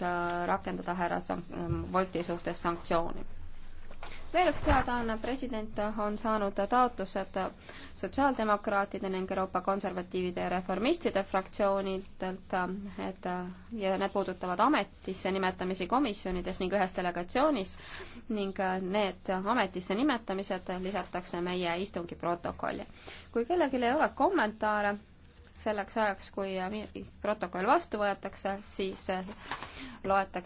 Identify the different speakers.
Speaker 1: Äh, rakendada härra ähm, Wolti suhtes sanktsiooni. veel üks teadaanne, president on saanud taotlused sotsiaaldemokraatide ning Euroopa konservatiivide ja reformistide fraktsioonidelt, et ja need puudutavad ametisse nimetamisi komisjonides ning ühes delegatsioonis ning need ametisse nimetamised lisatakse meie istungi protokolli. kui kellelgi ei ole kommentaare, selleks ajaks, kui äh, protokoll vastu võetakse, siis äh,
Speaker 2: loetakse